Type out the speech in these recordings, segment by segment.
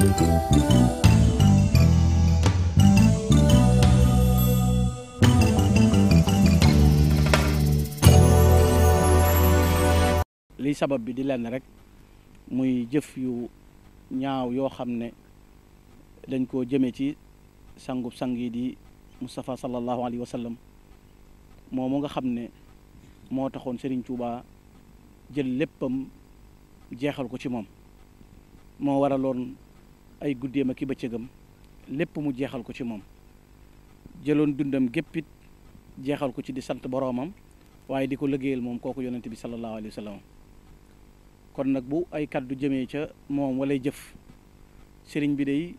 li sabab bi di lenn rek muy jëf yu ñaaw yoo xam ne dañ koo jëme ci sangub sang yi di Moustapha sallallahu alayhi wa moomu nga xam ne moo taxoon Serigne Touba jël léppam jeexal ko ci moom moo waraloon ay guddeem ak i bëccëgam lépp mu jeexal ko ci moom jëloon dundam géppit jeexal ko ci di sant boroomam waaye di ko liggéeyal moom kooku yonent bi sallallahu alayhi wa sallam kon nag bu ay kàddu jëmee ca moom walay jëf sëriñ bi dey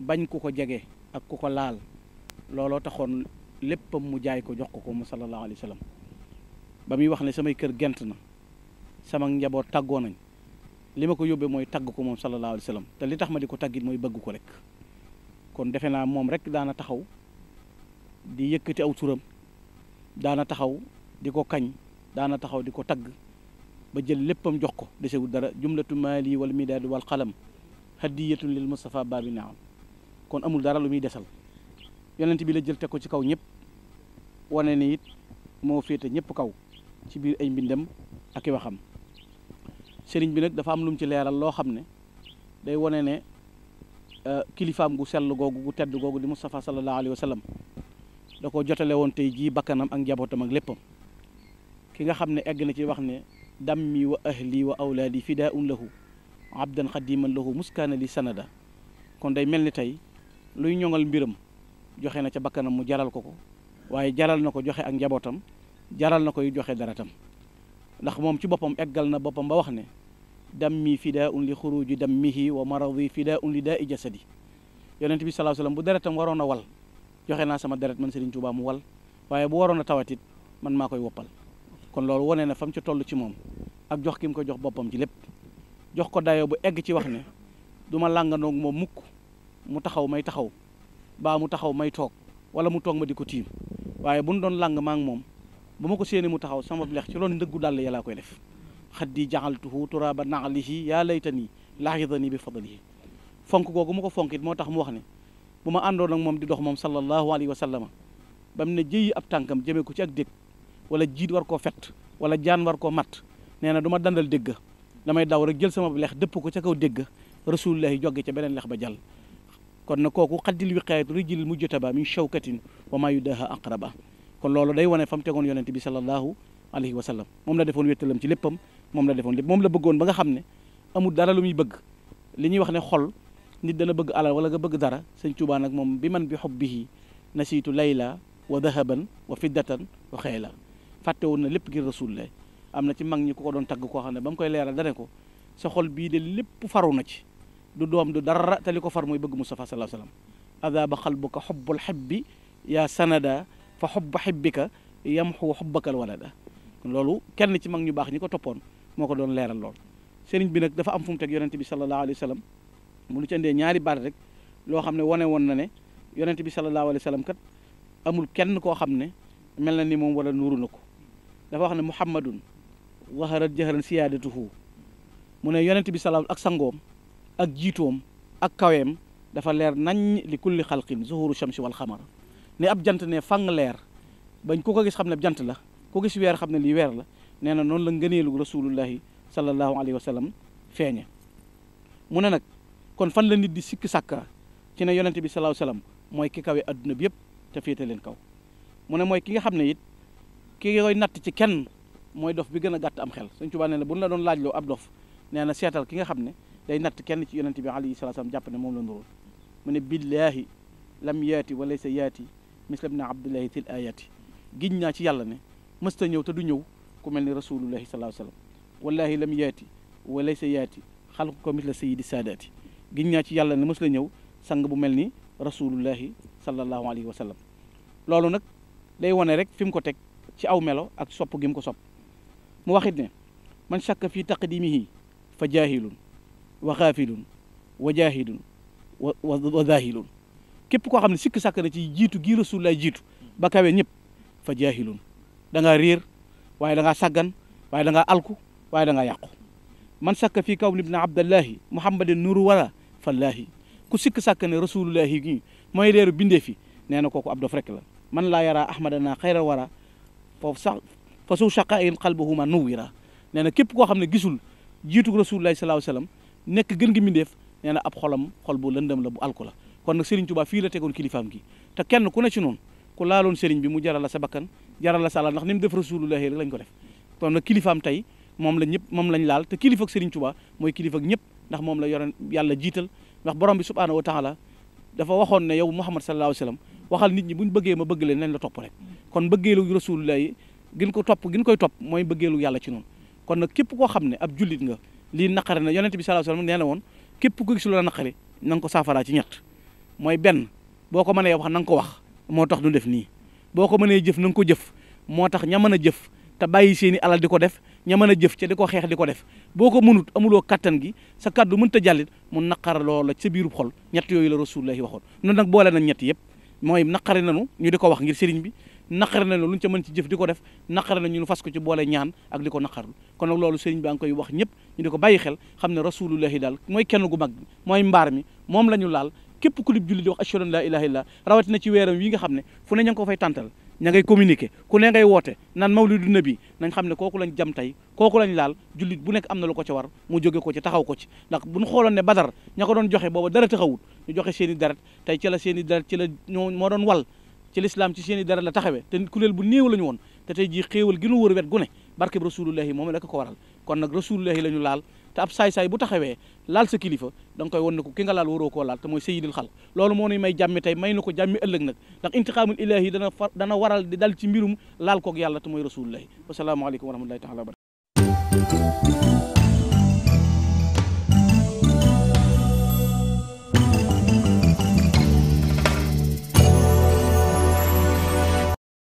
bañ ku ko jege ak ku ko laal looloo taxoon léppam mu jaay ko jox ko ko mu sallallahu alayhi wa sallam ba muy wax ne samay kër gent na sama njaboot tàggoo nañ li ma ko yóbbee mooy tagg ko moom sallallahu alayhi wa sallam te li tax ma di ko taggit mooy bëgg ko rek kon defe naa moom rek daana taxaw di yëkkati aw turam daana taxaw di ko kañ daana taxaw di ko tagg ba jël léppam jox ko desewul dara jumlatu maali wal midaadu wal qalam hadiyatun lil Mustafa naa naam kon amul dara lu muy desal yonent bi la jël teg ko ci kaw ñëpp wane ni it moo féete ñépp kaw ci biir ay mbindam ak i waxam sëriñ bi nag dafa am lum ci leeral loo xam ne day wane ne euh, kilifaam gu sell googu gu tedd googu di Moustapha sallallahu alayhi wa da ko jotale woon tey jii bakkanam ak njabootam ak léppam ki nga xam ne egg na ci wax ne dammi wa ahli wa awlaadi fidaun lahu abdan xadiman lahu muskaana li sanada kon day mel ni tey luy ñoŋal mbiram joxe na ca bakkanam mu jaral ko ko waaye jaral na ko joxe ak njabootam jaral na koy joxe daratam ndax moom ci boppam eggal na boppam ba wax ne dammi fidaun li xuruji dammihi wa maradi fidaun li daa i jasadi yonent bi salaa sallam bu deretam waroon a wal joxe naa sama deret man Serigne Touba mu wal waaye bu waroon a tawatit man maa koy woppal kon loolu wane na fam ci tollu ci moom ak jox ki mu ko jox boppam ci lépp jox ko dayoo bu egg ci wax ne du ma lànganoog moom mukk mu taxaw may taxaw baa mu taxaw may toog wala mu toog ma di ko tiim waaye bu doon làng maa moom bu ma ko séenee mu taxaw sama lex ci loon ndëggu dàll yàllaa koy def xaddi jaxaltuhu turaaba naxlihi yaa a laxidani bi fadlihi fonk googu ma ko fonk moo tax mu wax ne bu ma àndoon ak moom di dox moom sallallahu alayhi wa sallama ba mu ne jëyi ab tànkam jëmee ko ci ak dégg wala jiit war koo fett wala jaan war koo matt nee na du dandal dégg damay daw rek jël sama bu lex dëpp ko ca kaw dégg rasulullahi jóge ca beneen lex ba jàll kon na kooku xaddil wiqaayatu rijil mujjataba min shawkatin wa maa yudaha aqraba kon loolu day wone fa mu tegoon yonente bi sallallahu alayhi wa sallam moom la defoon wéttalam ci léppam moom la defoon lépp moom la bëggoon ba nga xam ne amul dara lu muy bëgg li ñuy wax ne xol nit dana bëgg alal wala nga bëgg dara sëñ Tuubaa nag moom bi man bi xubbihi nasiitu layla wa dahaban wa fiddatan wa xeyla fàtte woon na lépp ngir rasulullah am na ci mag ñi ku ko doon tagg koo xam ne ba koy leeral dane ko sa xol bii de lépp faru na ci du doom du dara te li ko far mooy bëgg Mustafa sallallahu alayhi wa sallam adaaba xalbuka xubbul xibbi yaa sanada fa xobba xibbika yamxu xobbakal da loolu kenn ci mag ñu baax ñi ko toppoon moo ko doon leeral lool sëriñ bi nag dafa am fu mu bi sallallahu alayhi wa mu lu ci andee ñaari baat rek loo xam ne wane woon na ne yonente bi sallallahu alayhi wa sallam kat amul kenn koo xam ne mel na ni moom wala nuuru na ko dafa wax ne muhammadun zaharat jaharan siyaadatuhu mu ne yonente bi sallallahu ak sangoom ak jiitoom ak kaweem dafa leer nañ li kulli xalqin zuhuru shamsi wal xamar ni ab jant ne fan leer bañ koo ko gis xam ne bi jant la ku gis weer xam ne lii weer la nee na noonu la ngëneelu rasulullahi sallallahu alayhi wa sallam feeñe mu ne nag kon fan la nit di sikk sàkka ci ne yonente bi sallallahu alayhi wa sallam mooy ki kawe bi yëpp te féete leen kaw mu ne mooy ki nga xam ne it ki koy natt ci kenn mooy dof bi gën gàtt am xel Sëñ Tuubaa nee na bu ñu la doon laajloo ab dof nee na ki nga xam ne day natt kenn ci yonente bi alayhi salaatu salaam jàpp ne moom la ndurool mu ne billaahi lam yaati walaysa yaati misla ibn abdillahi til ayati giñ naa ci yàlla ne mësta ñëw te du ñëw ku mel ni rasulullahi sallallahu alayhi wasallam wallahi lam yaati wa laysa yaati xalqu ko misla sayidi saadaati giñ naa ci yàlla ne mës ñëw sang bu mel ni rasulullahi sallallahu alayhi wa sallam loolu nag day wone rek fi mu ko teg ci aw melo ak sopp gi mu ko sopp mu waxit ne man shakka fi taqdimihi fa jaahilun wa xaafilun wa jaahilun wa wa zaahilun képp koo xam ne sikki sàkk na ci jiitu gi rasul lay jiitu ba kawee ñëpp fa jaahilun da ngaa réer waaye danga saggan waaye da ngaa alku waaye da ngaa yàqu man sàkk fii kaw libna abdallahi muhammadin nuru wala fallahi ku sikk sàkk ne rasulullahi gi mooy leeru bindee fi nee na kooku ab dof la man laa yara ahmadana xayra wara foofu sax fa su shaqa in qalbahuma nuwira nee na képp koo xam ne gisul jiitu rasulullahi salaahu salaam nekk gën gi mbindeef nee na ab xolam xol bu lëndëm la bu alku kon nag Serigne Touba fii la tegoon kilifaam gi te kenn ku ne ci noonu ku laaloon Serigne bi mu jaral la sa bakkan jaral la sa ndax ni def rasulullahi rek lañ ko def kon nag kilifaam tey moom la ñëpp moom lañ laal te kilifa ak mooy kilifa ñëpp ndax moom la yore yàlla jiital ndax borom bi subhanahu wa taala dafa waxoon ne yow Muhammad sallallahu alayhi wa sallam waxal nit ñi buñ bëggee ma bëgg leen nañ la topp rek kon bëggeelu rasulullah yi ko topp gin koy topp mooy bëggeelu yàlla ci noonu kon nag képp koo xam ne ab jullit nga lii naqare na yonent bi sallallahu alayhi wa sallam nee na woon képp ku gis lu la naqari na nga ko saafaraa ci ñett mooy benn boo ko mënee wax na nga ko wax moo tax du def nii boo ko mënee jëf na nga ko jëf moo tax ña a jëf te bàyyi seeni alal di ko def ña jëf ca di ko xeex di ko def boo ko mënut amuloo kattan gi sa kàddu mënta jàllit mu naqar loola ci biirub xol ñett yooyu la rasulullahi waxoon noonu nag boole nañ ñett yëpp mooy naqari nañu ñu di ko wax ngir sëriñ bi naqari nañu luñ ca mën ci jëf di ko def naqari nañu lu fas ko ci boole ñaan ak di ko naqarlu kon nag loolu sëriñ bi a ngi koy wax ñëpp ñu di ko bàyyi xel xam ne rasulullahi daal mooy kenn gu mag mooy mbaar mi moom la ñu laal képp ku lib julli di wax ashhadu la laa ilaha rawatina ci weeram yi nga xam ne fu ne ña ngi ko fay tàntal ña ngay ku ne ngay woote naan mawlidu nabi nañ xam ne kooku lañ jam tey kooku lañ laal jullit bu nekk am na lu ko ca war mu jóge ko ci taxaw ko ci ndax bu ñu xooloon ne dara ña ko doon joxe booba dara taxawut ñu joxe seeni i deret tey ci la seen i ci la ñoo moo doon wal ci lislaam ci seen i la taxawee ten kuréel bu néew la ñu woon te tey jii xéewal gi nu wër wet gu ne barkeb rasulullahi moom la ko waral kon nag rasulullahi la ñu laal te ab saay-saay bu taxawee laal sa kilifa da nga koy won ne ko ki nga laal waroo ko laal te mooy sayyidil xal loolu moo nuy may jàmmi tey may na ko jàmmi ëllëg nag ndax intiqaamul ilaahi dana far dana waral di dal ci mbirum laal koog yàlla te mooy rasulullahi wasalaamaaleykum wa rahmatullahi taala wa barakatu